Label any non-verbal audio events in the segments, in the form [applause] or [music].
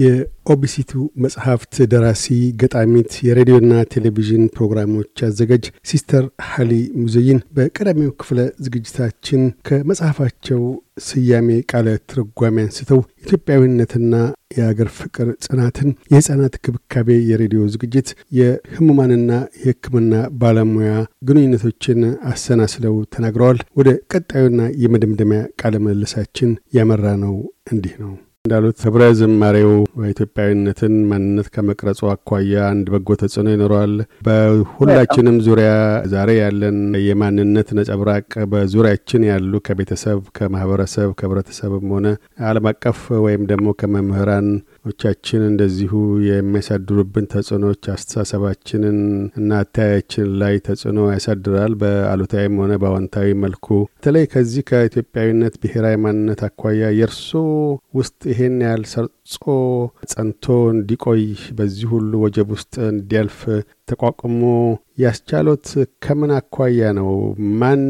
የኦቢሲቱ መጽሐፍት ደራሲ፣ ገጣሚት፣ የሬዲዮና ቴሌቪዥን ፕሮግራሞች አዘጋጅ ሲስተር ሀሊ ሙዘይን በቀዳሚው ክፍለ ዝግጅታችን ከመጽሐፋቸው ስያሜ ቃለ ትርጓሜ አንስተው ኢትዮጵያዊነትና የአገር ፍቅር ጽናትን፣ የህፃናት ክብካቤ የሬዲዮ ዝግጅት፣ የህሙማንና የህክምና ባለሙያ ግንኙነቶችን አሰናስለው ተናግረዋል። ወደ ቀጣዩና የመደምደሚያ ቃለ ምልልሳችን ያመራ ነው። እንዲህ ነው። እንዳሉት ህብረ ዝማሬው ኢትዮጵያዊነትን ማንነት ከመቅረጹ አኳያ አንድ በጎ ተጽዕኖ ይኖረዋል። በሁላችንም ዙሪያ ዛሬ ያለን የማንነት ነጸብራቅ በዙሪያችን ያሉ ከቤተሰብ፣ ከማህበረሰብ፣ ከህብረተሰብም ሆነ ዓለም አቀፍ ወይም ደግሞ ከመምህራን ቻችን እንደዚሁ የሚያሳድሩብን ተጽዕኖዎች አስተሳሰባችንን እና አተያያችን ላይ ተጽዕኖ ያሳድራል በአሉታዊም ሆነ በአዋንታዊ መልኩ። በተለይ ከዚህ ከኢትዮጵያዊነት ብሔራዊ ማንነት አኳያ የእርሶ ውስጥ ይሄን ያህል ሰርጾ ጸንቶ እንዲቆይ በዚህ ሁሉ ወጀብ ውስጥ እንዲያልፍ ተቋቁሞ ያስቻሎት ከምን አኳያ ነው? ማን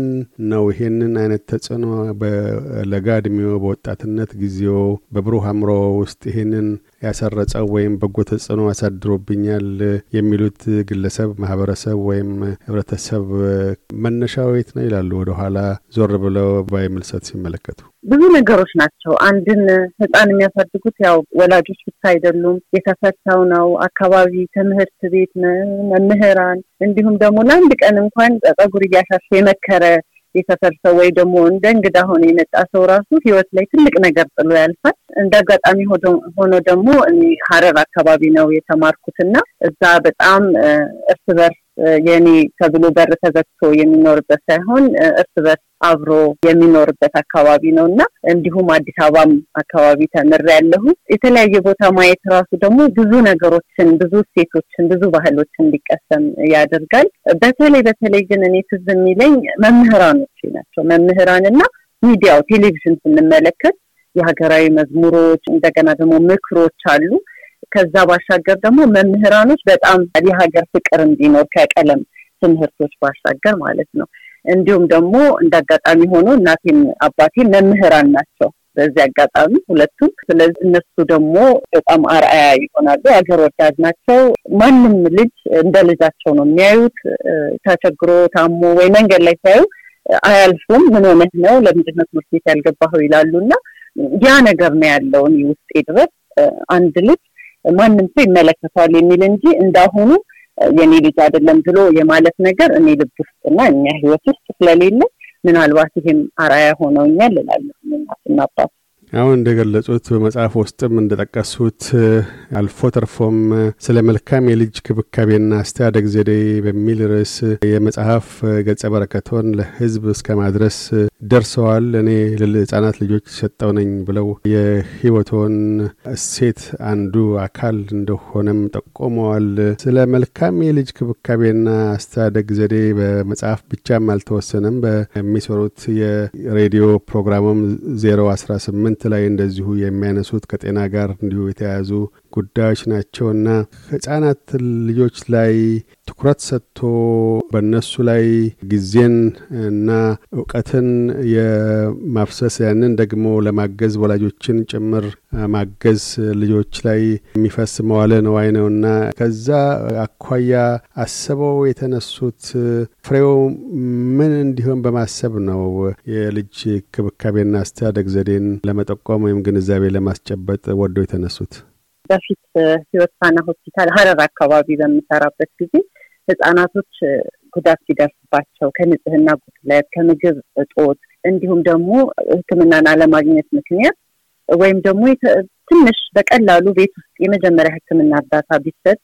ነው ይሄንን አይነት ተጽዕኖ በለጋ እድሜዎ፣ በወጣትነት ጊዜዎ፣ በብሩህ አእምሮ ውስጥ ይሄንን ያሰረጸው ወይም በጎ ተጽዕኖ አሳድሮብኛል የሚሉት ግለሰብ፣ ማህበረሰብ ወይም ህብረተሰብ መነሻው የት ነው ይላሉ? ወደኋላ ዞር ብለው ባይምልሰት ሲመለከቱ ብዙ ነገሮች ናቸው። አንድን ህፃን የሚያሳድጉት ያው ወላጆች ብቻ አይደሉም። የተፈታው ነው አካባቢ፣ ትምህርት ቤት፣ መምህራን እንዲሁም ደግሞ ለአንድ ቀን እንኳን ጸጉር እያሻሸ የመከረ የሰፈር ሰው ወይ ደግሞ እንደ እንግዳ ሆነ የመጣ ሰው ራሱ ህይወት ላይ ትልቅ ነገር ጥሎ ያልፋል። እንደ አጋጣሚ ሆኖ ደግሞ ሀረር አካባቢ ነው የተማርኩትና እዛ በጣም እርስ በርስ የኔ ተብሎ በር ተዘግቶ የሚኖርበት ሳይሆን እርስ በርስ አብሮ የሚኖርበት አካባቢ ነው እና እንዲሁም አዲስ አበባም አካባቢ ተምር ያለሁ የተለያየ ቦታ ማየት ራሱ ደግሞ ብዙ ነገሮችን፣ ብዙ እሴቶችን፣ ብዙ ባህሎችን እንዲቀሰም ያደርጋል። በተለይ በተለይ ግን እኔ ትዝ የሚለኝ መምህራኖች ናቸው። መምህራንና ሚዲያው ቴሌቪዥን ስንመለከት የሀገራዊ መዝሙሮች እንደገና ደግሞ ምክሮች አሉ ከዛ ባሻገር ደግሞ መምህራኖች በጣም የሀገር ፍቅር እንዲኖር ከቀለም ትምህርቶች ባሻገር ማለት ነው። እንዲሁም ደግሞ እንደ አጋጣሚ ሆኖ እናቴም አባቴ መምህራን ናቸው። በዚህ አጋጣሚ ሁለቱም። ስለዚህ እነሱ ደግሞ በጣም አርአያ ይሆናሉ። የሀገር ወዳድ ናቸው። ማንም ልጅ እንደ ልጃቸው ነው የሚያዩት። ተቸግሮ ታሞ ወይ መንገድ ላይ ሲያዩ አያልፉም። ምን ሆነህ ነው ለምንድነው ትምህርት ቤት ያልገባኸው ይላሉ። እና ያ ነገር ነው ያለውን ውስጤ ድረስ አንድ ልጅ ማንም ሰው ይመለከተዋል የሚል እንጂ እንዳሁኑ የኔ ልጅ አይደለም ብሎ የማለት ነገር እኔ ልብ ውስጥና እኛ ህይወት ውስጥ ስለሌለ ምናልባት ይህም አራያ ሆነውኛል እላለሁ እናትና አባት አሁን እንደገለጹት በመጽሐፍ ውስጥም እንደጠቀሱት አልፎ ተርፎም ስለ መልካም የልጅ ክብካቤና አስተዳደግ ዘዴ በሚል ርዕስ የመጽሐፍ ገጸ በረከቶን ለህዝብ እስከ ማድረስ ደርሰዋል። እኔ ለህጻናት ልጆች ሰጠው ነኝ ብለው የህይወቶን እሴት አንዱ አካል እንደሆነም ጠቆመዋል። ስለ መልካም የልጅ ክብካቤና አስተዳደግ ዘዴ በመጽሐፍ ብቻም አልተወሰነም። በሚሰሩት የሬዲዮ ፕሮግራሙም ዜሮ አስራ ስምንት ትምህርት ላይ እንደዚሁ የሚያነሱት ከጤና ጋር እንዲሁ የተያያዙ ጉዳዮች ናቸውና ህጻናት ልጆች ላይ ትኩረት ሰጥቶ በእነሱ ላይ ጊዜን እና እውቀትን የማፍሰስ ያንን ደግሞ ለማገዝ ወላጆችን ጭምር ማገዝ ልጆች ላይ የሚፈስ መዋለ ነዋይ እና ከዛ አኳያ አስበው የተነሱት ፍሬው ምን እንዲሆን በማሰብ ነው የልጅ ክብካቤና አስተዳደግ ዘዴን ለመጠቆም ወይም ግንዛቤ ለማስጨበጥ ወዶ የተነሱት? በፊት ህይወት ሳና ሆስፒታል ሀረር አካባቢ በምሰራበት ጊዜ ህጻናቶች ጉዳት ሲደርስባቸው ከንጽህና ጉድለት፣ ከምግብ እጦት እንዲሁም ደግሞ ህክምናን አለማግኘት ምክንያት ወይም ደግሞ ትንሽ በቀላሉ ቤት ውስጥ የመጀመሪያ ህክምና እርዳታ ቢሰጥ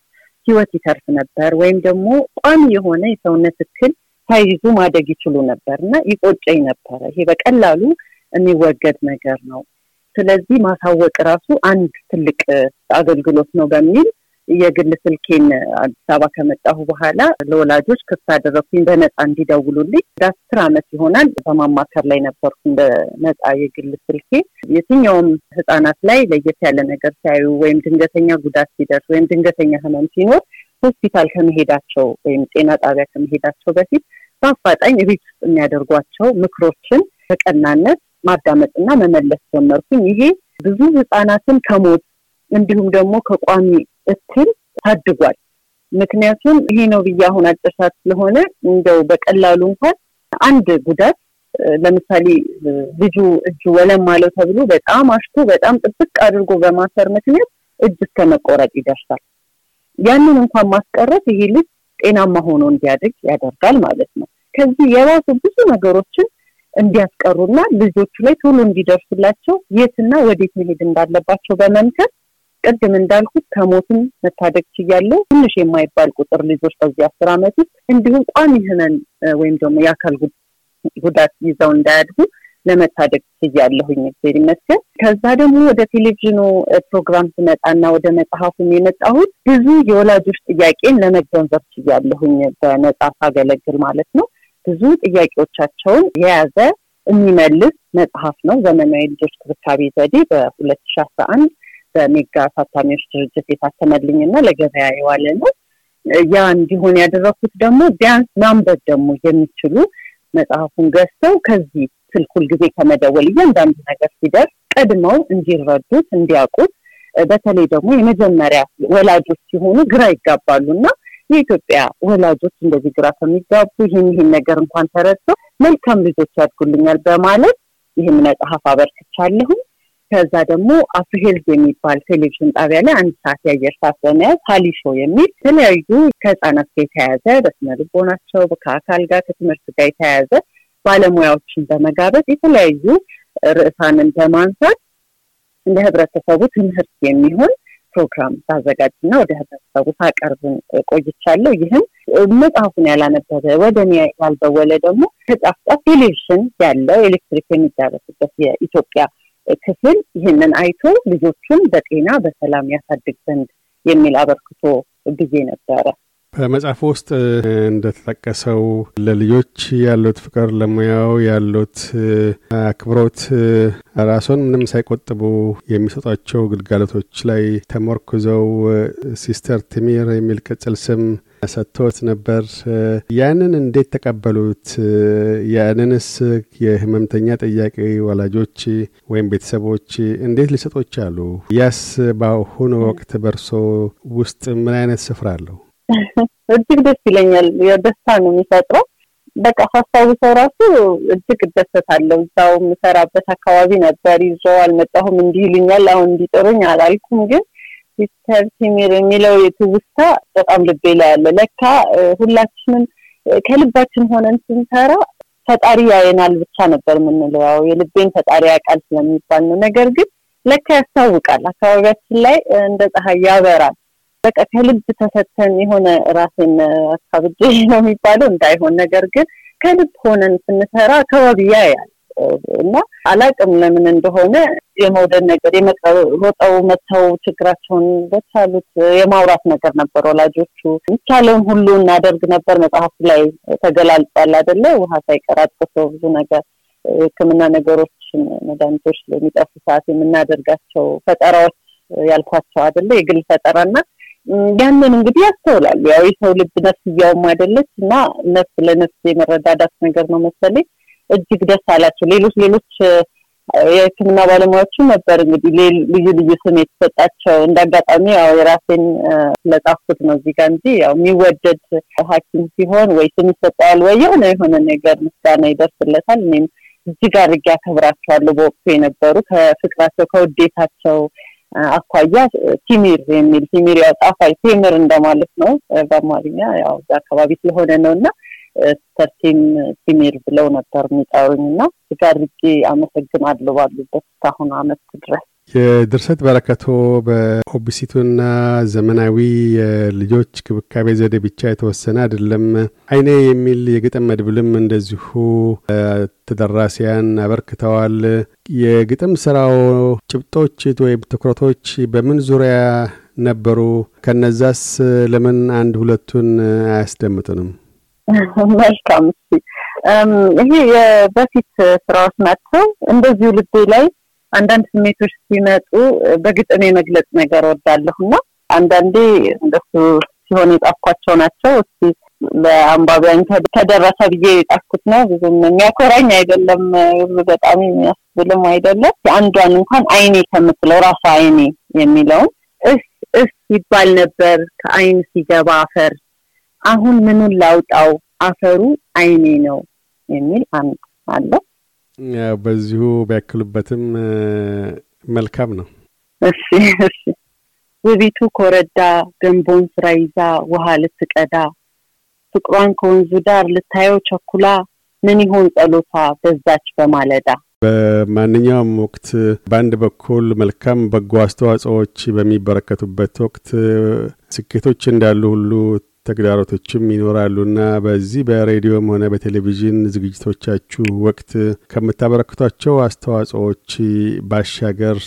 ህይወት ይተርፍ ነበር ወይም ደግሞ ቋሚ የሆነ የሰውነት እክል ሳይዙ ማደግ ይችሉ ነበር እና ይቆጨኝ ነበረ። ይሄ በቀላሉ የሚወገድ ነገር ነው። ስለዚህ ማሳወቅ ራሱ አንድ ትልቅ አገልግሎት ነው በሚል የግል ስልኬን አዲስ አበባ ከመጣሁ በኋላ ለወላጆች ክፍት አደረኩኝ በነፃ እንዲደውሉልኝ። ወደ አስር ዓመት ይሆናል በማማከር ላይ ነበርኩ በነፃ የግል ስልኬ። የትኛውም ህጻናት ላይ ለየት ያለ ነገር ሲያዩ ወይም ድንገተኛ ጉዳት ሲደርስ ወይም ድንገተኛ ህመም ሲኖር ሆስፒታል ከመሄዳቸው ወይም ጤና ጣቢያ ከመሄዳቸው በፊት በአፋጣኝ ቤት ውስጥ የሚያደርጓቸው ምክሮችን በቀናነት ማዳመጥና መመለስ ጀመርኩኝ። ይሄ ብዙ ህጻናትን ከሞት እንዲሁም ደግሞ ከቋሚ እትል ታድጓል። ምክንያቱም ይሄ ነው ብዬ አሁን አጭር ሰዓት ስለሆነ እንደው በቀላሉ እንኳን አንድ ጉዳት ለምሳሌ ልጁ እጁ ወለም አለው ተብሎ በጣም አሽቶ በጣም ጥብቅ አድርጎ በማሰር ምክንያት እጅ እስከ መቆረጥ ይደርሳል። ያንን እንኳን ማስቀረት ይሄ ልጅ ጤናማ ሆኖ እንዲያድግ ያደርጋል ማለት ነው። ከዚህ የራሱ ብዙ ነገሮችን እንዲያስቀሩና ልጆቹ ላይ ቶሎ እንዲደርሱላቸው የትና ወዴት መሄድ እንዳለባቸው በመምከር ቅድም እንዳልኩት ከሞትም መታደግ ችያለሁ። ትንሽ የማይባል ቁጥር ልጆች በዚህ አስር ዓመት ውስጥ እንዲሁም ቋሚ ህመን ወይም ደግሞ የአካል ጉዳት ይዘው እንዳያድጉ ለመታደግ ችያለሁኝ እግዜር ይመስገን። ከዛ ደግሞ ወደ ቴሌቪዥኑ ፕሮግራም ስመጣና ወደ መጽሐፉም የመጣሁት ብዙ የወላጆች ጥያቄን ለመገንዘብ ችያለሁኝ። በነጻ ሳገለግል ማለት ነው። ብዙ ጥያቄዎቻቸውን የያዘ የሚመልስ መጽሐፍ ነው። ዘመናዊ ልጆች ክብካቤ ዘዴ በሁለት ሺ አስራ አንድ በሜጋ አሳታሚዎች ድርጅት የታተመልኝ እና ለገበያ የዋለ ነው። ያ እንዲሆን ያደረኩት ደግሞ ቢያንስ ማንበብ ደግሞ የሚችሉ መጽሐፉን ገዝተው ከዚህ ስልክ ሁልጊዜ ከመደወል እያንዳንዱ ነገር ሲደርስ ቀድመው እንዲረዱት እንዲያውቁት፣ በተለይ ደግሞ የመጀመሪያ ወላጆች ሲሆኑ ግራ ይጋባሉ እና የኢትዮጵያ ወላጆች እንደዚህ ግራ ከሚጋቡ ይህን ይህን ነገር እንኳን ተረድቶ መልካም ልጆች ያድጉልኛል በማለት ይህን መጽሐፍ አበርክቻለሁም። ከዛ ደግሞ አፍሪሄልዝ የሚባል ቴሌቪዥን ጣቢያ ላይ አንድ ሰዓት የአየር ሰዓት በመያዝ ሀሊሾ የሚል የተለያዩ ከህጻናት ጋር የተያያዘ በስነ ልቦናቸው ከአካል ጋር ከትምህርት ጋር የተያያዘ ባለሙያዎችን በመጋበዝ የተለያዩ ርዕሳንን በማንሳት ለህብረተሰቡ ትምህርት የሚሆን ፕሮግራም ሳዘጋጅና ወደ ህብረተሰቡ ሳቀርብ ቆይቻለሁ። ይህም መጽሐፉን ያላነበበ ወደ እኔ ያልደወለ ደግሞ ከጫፍ ጫፍ ቴሌቪዥን ያለው ኤሌክትሪክ የሚዳረስበት የኢትዮጵያ ክፍል ይህንን አይቶ ልጆቹን በጤና በሰላም ያሳድግ ዘንድ የሚል አበርክቶ ጊዜ ነበረ። በመጽሐፍ ውስጥ እንደተጠቀሰው ለልጆች ያሉት ፍቅር፣ ለሙያው ያሉት አክብሮት ራስዎን ምንም ሳይቆጥቡ የሚሰጧቸው ግልጋሎቶች ላይ ተሞርኩዘው ሲስተር ትሚር የሚል ቅጽል ስም ሰጥቶት ነበር። ያንን እንዴት ተቀበሉት? ያንንስ የህመምተኛ ጥያቄ ወላጆች ወይም ቤተሰቦች እንዴት ሊሰጦች አሉ? ያስ በአሁኑ ወቅት በእርሶ ውስጥ ምን አይነት ስፍራ አለው? እጅግ ደስ ይለኛል። ደስታ ነው የሚፈጥረው። በቃ ሰው ራሱ እጅግ እደሰታለሁ። እዛው የምሰራበት አካባቢ ነበር። ይዘው አልመጣሁም እንዲህ ይሉኛል። አሁን እንዲጥሩኝ አላልኩም ግን ሲስተር ቲሚር የሚለው የትውስታ በጣም ልቤ ላይ ያለ። ለካ ሁላችንም ከልባችን ሆነን ስንሰራ ፈጣሪ ያየናል ብቻ ነበር የምንለው። ያው የልቤን ፈጣሪ ያውቃል ስለሚባል ነው። ነገር ግን ለካ ያስታውቃል፣ አካባቢያችን ላይ እንደ ፀሐይ ያበራል። በቃ ከልብ ተሰተን የሆነ ራሴን አካብጄ ነው የሚባለው እንዳይሆን፣ ነገር ግን ከልብ ሆነን ስንሰራ አካባቢ ያያል። እና አላቅም ለምን እንደሆነ የመውደድ ነገር ወጣው መተው ችግራቸውን በቻሉት የማውራት ነገር ነበር። ወላጆቹ የሚቻለውን ሁሉ እናደርግ ነበር። መጽሐፉ ላይ ተገላልጧል አደለ? ውሃ ሳይቀር አጥቅቶ ብዙ ነገር የሕክምና ነገሮች መድኃኒቶች ለሚጠፉ ሰዓት የምናደርጋቸው ፈጠራዎች ያልኳቸው አደለ? የግል ፈጠራና ያንን እንግዲህ ያስተውላል። ያው የሰው ልብ እያውም አይደለች እና ነፍስ ለነፍስ የመረዳዳት ነገር ነው መሰለኝ እጅግ ደስ አላቸው። ሌሎች ሌሎች የሕክምና ባለሙያዎችም ነበር እንግዲህ ልዩ ልዩ ስም የተሰጣቸው። እንዳጋጣሚ ያው የራሴን ስለጻፍኩት ነው እዚህ ጋር እንጂ ያው የሚወደድ ሐኪም ሲሆን ወይ ስም ይሰጠዋል ወይ የሆነ የሆነ ነገር ምስጋና ይደርስለታል። እኔም እጅግ አድርጌ አከብራቸዋለሁ። በወቅቱ የነበሩ ከፍቅራቸው ከውዴታቸው አኳያ ቲሚር የሚል ቲሚር ያው ጣፋጭ ቴምር እንደማለት ነው በአማርኛ ያው አካባቢ ስለሆነ ነው እና ተርቲም ፊሜል ብለው ነበር የሚጠሩኝ እና ጋርጌ አመሰግናለሁ ባሉበት እስካሁን አመት ድረስ የድርሰት በረከቶ በኦቢሲቱና ዘመናዊ የልጆች ክብካቤ ዘዴ ብቻ የተወሰነ አይደለም። አይኔ የሚል የግጥም መድብልም እንደዚሁ ተደራሲያን አበርክተዋል። የግጥም ስራው ጭብጦች ወይም ትኩረቶች በምን ዙሪያ ነበሩ? ከነዛስ ለምን አንድ ሁለቱን አያስደምጥንም? [laughs] መልካም። ይሄ የበፊት ስራዎች ናቸው። እንደዚሁ ልቤ ላይ አንዳንድ ስሜቶች ሲመጡ በግጥም የመግለጽ ነገር ወዳለሁ እና አንዳንዴ እንደሱ ሲሆን የጻፍኳቸው ናቸው። እስ ለአንባቢያን ተደረሰ ብዬ የጻፍኩት ነው። ብዙም የሚያኮራኝ አይደለም፣ ብዙ በጣም የሚያስብልም አይደለም። አንዷን እንኳን አይኔ ከምትለው ራሷ አይኔ የሚለውን እስ እስ ይባል ነበር ከአይን ሲገባ አፈር አሁን ምኑን ላውጣው አፈሩ አይኔ ነው የሚል አንድ አለ። በዚሁ ቢያክሉበትም መልካም ነው። እሺ እሺ። ውቢቱ ኮረዳ ገንቦን ስራ ይዛ ውሃ ልትቀዳ ፍቅሯን ከወንዙ ዳር ልታየው ቸኩላ ምን ይሆን ጸሎታ በዛች በማለዳ። በማንኛውም ወቅት በአንድ በኩል መልካም በጎ አስተዋጽኦዎች በሚበረከቱበት ወቅት ስኬቶች እንዳሉ ሁሉ ተግዳሮቶችም ይኖራሉና በዚህ በሬዲዮም ሆነ በቴሌቪዥን ዝግጅቶቻችሁ ወቅት ከምታበረክቷቸው አስተዋጽኦዎች ባሻገር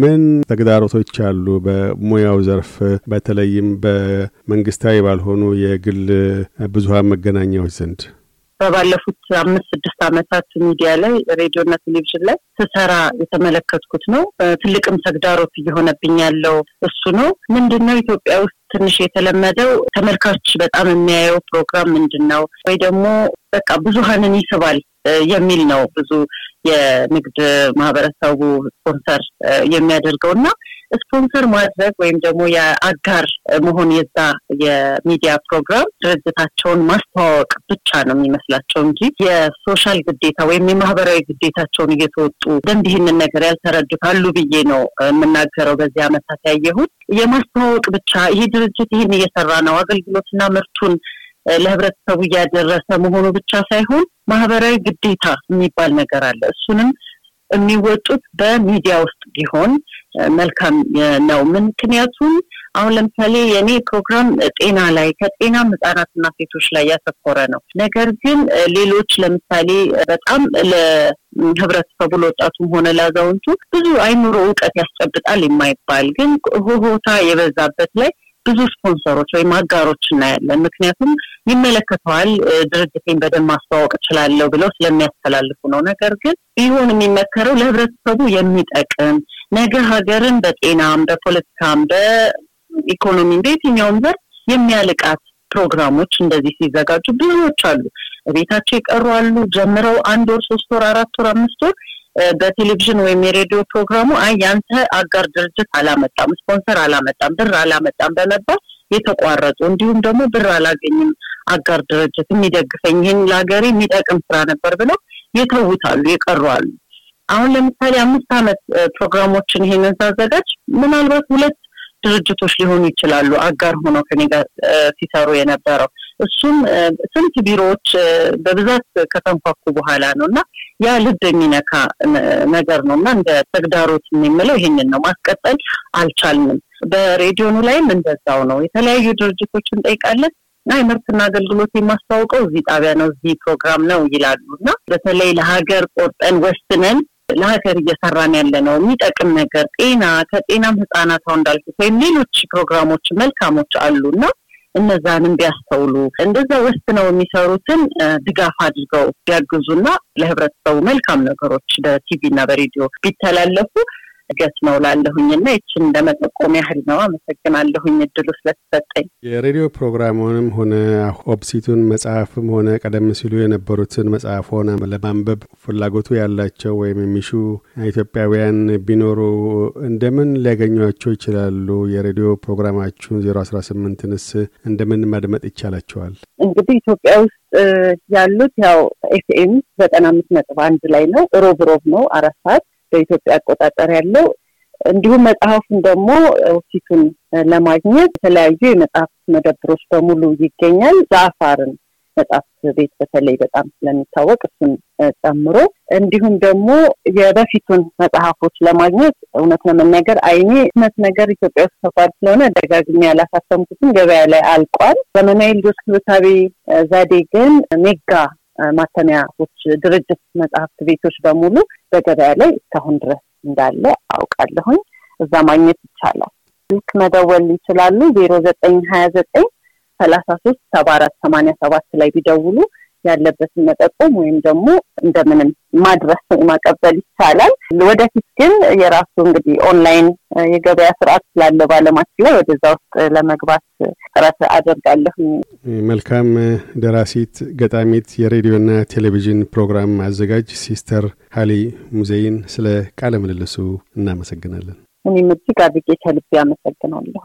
ምን ተግዳሮቶች አሉ? በሙያው ዘርፍ በተለይም በመንግስታዊ ባልሆኑ የግል ብዙሀን መገናኛዎች ዘንድ በባለፉት አምስት ስድስት ዓመታት ሚዲያ ላይ ሬዲዮ እና ቴሌቪዥን ላይ ስሰራ የተመለከትኩት ነው። ትልቅም ተግዳሮት እየሆነብኝ ያለው እሱ ነው። ምንድን ነው ኢትዮጵያ ውስጥ ትንሽ የተለመደው ተመልካች በጣም የሚያየው ፕሮግራም ምንድን ነው ወይ ደግሞ በቃ ብዙሀንን ይስባል የሚል ነው ብዙ የንግድ ማህበረሰቡ ስፖንሰር የሚያደርገው እና ስፖንሰር ማድረግ ወይም ደግሞ የአጋር መሆን የዛ የሚዲያ ፕሮግራም ድርጅታቸውን ማስተዋወቅ ብቻ ነው የሚመስላቸው እንጂ የሶሻል ግዴታ ወይም የማህበራዊ ግዴታቸውን እየተወጡ ደንብ ይህንን ነገር ያልተረዱታሉ ብዬ ነው የምናገረው። በዚህ አመታት ያየሁት የማስተዋወቅ ብቻ ይሄ ድርጅት ይህን እየሰራ ነው፣ አገልግሎትና ምርቱን ለህብረተሰቡ እያደረሰ መሆኑ ብቻ ሳይሆን ማህበራዊ ግዴታ የሚባል ነገር አለ። እሱንም የሚወጡት በሚዲያ ውስጥ ቢሆን መልካም ነው። ምክንያቱም አሁን ለምሳሌ የእኔ ፕሮግራም ጤና ላይ ከጤናም ህጻናትና ሴቶች ላይ ያተኮረ ነው። ነገር ግን ሌሎች ለምሳሌ በጣም ለህብረተሰቡ ለወጣቱም ሆነ ላዛውንቱ ብዙ አይምሮ እውቀት ያስጨብጣል የማይባል ግን ሆታ የበዛበት ላይ ብዙ ስፖንሰሮች ወይም አጋሮች እናያለን። ምክንያቱም ይመለከተዋል፣ ድርጅቴን በደንብ ማስተዋወቅ እችላለሁ ብለው ስለሚያስተላልፉ ነው። ነገር ግን ቢሆን የሚመከረው ለህብረተሰቡ የሚጠቅም ነገ ሀገርን በጤናም፣ በፖለቲካም፣ በኢኮኖሚም በየትኛውም ዘርፍ የሚያልቃት ፕሮግራሞች እንደዚህ ሲዘጋጁ ብዙዎች አሉ። ቤታቸው የቀሩ አሉ። ጀምረው አንድ ወር፣ ሶስት ወር፣ አራት ወር፣ አምስት ወር በቴሌቪዥን ወይም የሬዲዮ ፕሮግራሙ አይ ያንተ አጋር ድርጅት አላመጣም፣ ስፖንሰር አላመጣም፣ ብር አላመጣም በመባል የተቋረጡ እንዲሁም ደግሞ ብር አላገኝም አጋር ድርጅት የሚደግፈኝ ይህን ለሀገሬ የሚጠቅም ስራ ነበር ብለው የተውታሉ የቀሯሉ። አሁን ለምሳሌ አምስት አመት ፕሮግራሞችን ይሄንን ሳዘጋጅ ምናልባት ሁለት ድርጅቶች ሊሆኑ ይችላሉ አጋር ሆነው ከኔ ጋር ሲሰሩ የነበረው እሱም ስንት ቢሮዎች በብዛት ከተንኳኩ በኋላ ነው እና ያ ልብ የሚነካ ነገር ነው እና እንደ ተግዳሮት የምለው ይሄንን ነው። ማስቀጠል አልቻልንም። በሬዲዮኑ ላይም እንደዛው ነው። የተለያዩ ድርጅቶች እንጠይቃለን እና የምርትና አገልግሎት የማስተዋውቀው እዚህ ጣቢያ ነው፣ እዚህ ፕሮግራም ነው ይላሉ እና በተለይ ለሀገር ቆርጠን ወስነን ለሀገር እየሰራን ያለ ነው የሚጠቅም ነገር ጤና ከጤናም ህጻናት አሁን እንዳልኩት ወይም ሌሎች ፕሮግራሞች መልካሞች አሉ እና እነዛንም ቢያስተውሉ እንደዛ ውስጥ ነው የሚሰሩትን ድጋፍ አድርገው ቢያግዙና ለህብረተሰቡ መልካም ነገሮች በቲቪ እና በሬዲዮ ቢተላለፉ ገጥመው ላለሁኝ እና ይችን እንደመጠቆም ያህል ነው። አመሰግናለሁኝ እድሉ ስለተሰጠኝ። የሬዲዮ ፕሮግራሙንም ሆነ ኦብሲቱን መጽሐፍም ሆነ ቀደም ሲሉ የነበሩትን መጽሐፍ ሆነ ለማንበብ ፍላጎቱ ያላቸው ወይም የሚሹ ኢትዮጵያውያን ቢኖሩ እንደምን ሊያገኟቸው ይችላሉ? የሬዲዮ ፕሮግራማችሁን ዜሮ አስራ ስምንትንስ እንደምን ማድመጥ ይቻላቸዋል? እንግዲህ ኢትዮጵያ ውስጥ ያሉት ያው ኤፍኤም ዘጠና አምስት ነጥብ አንድ ላይ ነው። ሮብ ሮብ ነው አራት ሰዓት በኢትዮጵያ አቆጣጠር ያለው እንዲሁም መጽሐፉን ደግሞ ፊቱን ለማግኘት የተለያዩ የመጽሐፍ መደብሮች በሙሉ ይገኛል። ለአፋርን መጽሐፍ ቤት በተለይ በጣም ስለሚታወቅ እሱን ጨምሮ እንዲሁም ደግሞ የበፊቱን መጽሐፎች ለማግኘት እውነት ለመናገር አይኔ እውነት ነገር ኢትዮጵያ ውስጥ ተኳል ስለሆነ ደጋግሜ ያላሳተምኩትም ገበያ ላይ አልቋል። ዘመናዊ ልጆች ክብካቤ ዛዴ ግን ሜጋ ማተሚያዎች ድርጅት መጽሐፍት ቤቶች በሙሉ በገበያ ላይ እስካሁን ድረስ እንዳለ አውቃለሁኝ። እዛ ማግኘት ይቻላል። ስልክ መደወል ይችላሉ። ዜሮ ዘጠኝ ሀያ ዘጠኝ ሰላሳ ሶስት ሰባ አራት ሰማኒያ ሰባት ላይ ቢደውሉ ያለበትን መጠቆም ወይም ደግሞ እንደምንም ማድረስ ማቀበል ይቻላል። ወደፊት ግን የራሱ እንግዲህ ኦንላይን የገበያ ስርዓት ስላለ በዓለማችን ላይ ወደዛ ውስጥ ለመግባት ጥረት አደርጋለሁ። መልካም ደራሲት፣ ገጣሚት፣ የሬዲዮና ቴሌቪዥን ፕሮግራም አዘጋጅ ሲስተር ሀሊ ሙዜይን ስለ ቃለ ምልልሱ እናመሰግናለን። እኔም እጅግ አብጌ ከልቤ አመሰግናለሁ።